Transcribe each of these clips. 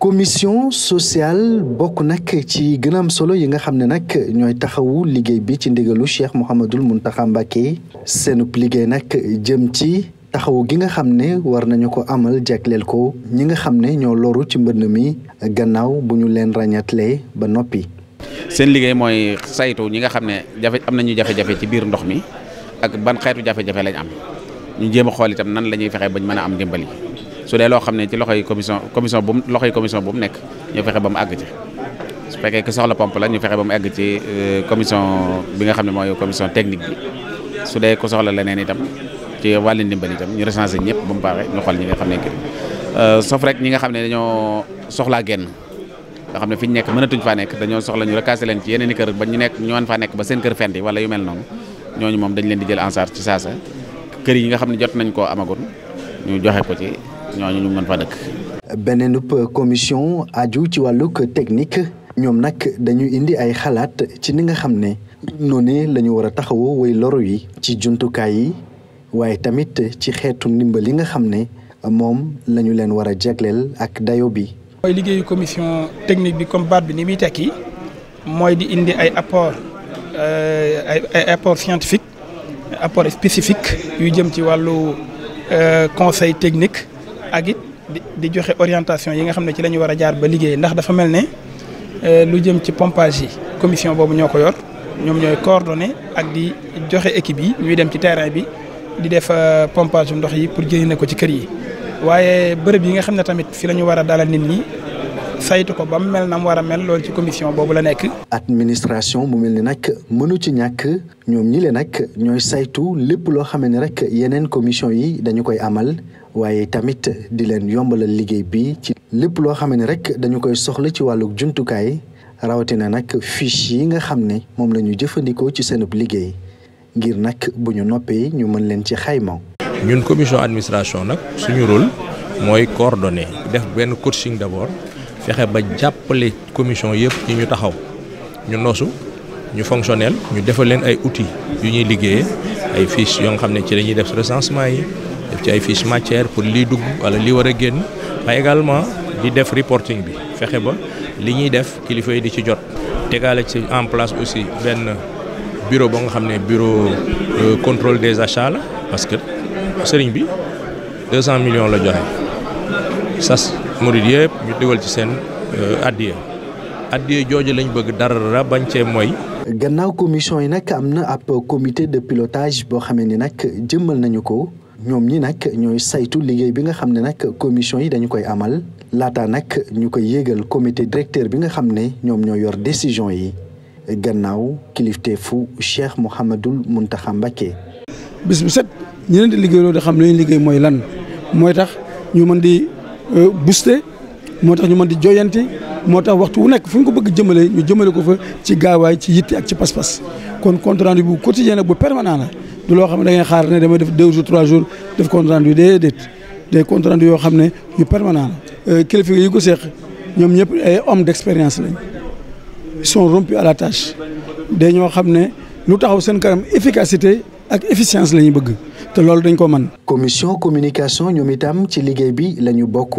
commission sociale bokk nag ci gën solo yi nga xam ne nag ñooy taxawu liggéey bi ci ndigalu Cheikh Mouhamadul Mountakha Mbacké seenub liggéey nag jëm ci taxawu gi nga xam ne war nañu ko amal jagleel ko ñi nga xam ne ñoo loru ci mbënn mi gannaaw bu ñu leen ràññatlee ba noppi. seen liggéey mooy saytu ñi nga xam ne jafe am nañu jafe-jafe ci biir ndox mi. ak ban xeetu jafe-jafe lañ am ñu jéem a xool itam nan la ñuy ba ñu mën a am ndimbal yi su dee loo xam ne ci loxo commission commission bu mu loxoy commission bu mu nekk ñu fexe ba mu àgg ci su fekkee ki soxla pompe ñu fexe ba mu àgg ci euh, commission bi nga xam ne mooy commission technique bi su dee ku soxla leneen itam ci wàllu ndimbal itam ñu recensé ñëpp ba mu pare ñu xool ñi nga xam ne kii euh, sauf nga xam ne dañoo soxlaa génn nga xam ne fi ñu a mënatuñ faa nekk dañoo soxla ñu recasé leen ci yeneen i kër ba ñu nekk ñu mën faa nekk ba seen wala yu mel noonu ñooñu moom dañ leen di jël en charge ci saasa kër yi nga xam ne jot nañ koo amagun ñu joxe ko ci ñooñu ñu mën fa dëkk. beneen commission aju ci wàllug technique ñoom nag dañuy indi ay xalaat ci ni nga xam ne noonu lañu ñu war a taxawoo way loro yi ci jumtukaay yi waaye tamit ci xeetu ndimbal yi nga xam ne moom la leen war a jagleel ak dayo bi. mooy liggéeyu commission technique bi comme baat bi ni muy tekki mooy di indi ay apport Euh, ay ay apport scientifique apport spécifique yu jëm ci wàllu euh, conseil technique ak it di joxe orientation yi nga xam ne ci la ñu war a jaar ba liggéey ndax dafa mel ne euh, lu jëm ci pompage yi commission boobu ñoo ko yor ñoom ñooy coordonné ak di joxe équipe yi ñuy dem ci terrain bi di def pompage ndox yi pour jëriñ na ko ci kër yi waaye bërëb yi nga xam ne tamit fi la ñu war a dalal nit ñi saytu ko ba mu mel na mu war a mel loolu ci commission boobu la nekk. administration mu mel ni nag mënu ci ñàkk ñoom ñi le nag ñooy saytu lépp loo xam ne rek yeneen commission yi dañu koy amal waaye tamit di leen yombalal liggéey bi ci lépp loo xam ne rek dañu koy soxla ci wàllu jumtukaay rawatina nag fiche yi nga xam ne moom la ñu jëfandikoo ci seenub liggéey ngir nag bu ñu noppee ñu mën leen ci xayma. ñun commission administration nag suñu rôle mooy coordonner def benn coaching d'abord. fexe ba jàppale commission yëpp yi ñu taxaw ñu noosu ñu fonctionnel ñu defal leen ay outils yu ñuy liggéeyee ay fiches yoo nga xam ne ci dañuy def recensement yi def ci ay fiches matière pour lii dugg wala lii war a génn waaye également di def reporting bi fexe ba li ñuy def kilifa yi di ci jot. tegaale ci en place aussi benn bureau ba nga xam ne bureau euh, contrôle des achats la parce que sëriñ bi 200 millions la joxe sas. murid yëpp ñu diwal ci seen euh, addiya addiya jooju lañ bëgg dara bañ cee mooy. gannaaw commission yi nag am na ab comité de pilotage boo xamee ni nag jëmmal nañu ko ñoom ñi nag ñooy saytu liggéey bi nga xam ne nag commission yi dañu koy amal laataa nag ñu ko yéegal comité directeur bi nga xam ne ñoom ñoo yor décision yi gannaaw kilifteefu Cheikh Mouhamadul Mountakha Mbacké. bis bu set ñeneen di liggéey loolu di xam li liggéey mooy lan mooy tax ñu mën Euh, buste moo tax ñu mën di joyanti moo tax waxtu wu nekk fu ñu ko bëgg jëmale ñu jëmale ko fa ci gaawaay ci yitte ak ci pas-pas kon compte rendu bu quotidien ak bu permanent la du loo xam ne da ngay xaar ne damay def deux jours trois jours def compte rendu déedéet des compte rendu yoo xam ne yu permanent la euh, kilifa yi ko seeq ñoom ñëpp ay hommes d'expérience lañ ils son rompus à la tâche ñoo xam ne lu taxaw seen kanam efficacité ak efficience la ñuy bëgg te loolu dañ ko mën. commission communication ñoom itam ci liggéey bi lañu bokk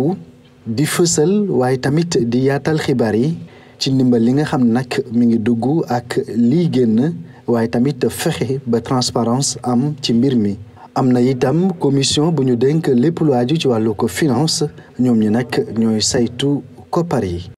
di fësal waaye tamit di yaatal xibaar yi ci ndimbal li nga xam nag mingi dugg ak lii génn waaye tamit fexe ba transparence am ci mbir mi. am na itam commission bu ñu dénk lépp lu aju ci wàllu ko finance ñoom ñi nag ñooy saytu koppar yi.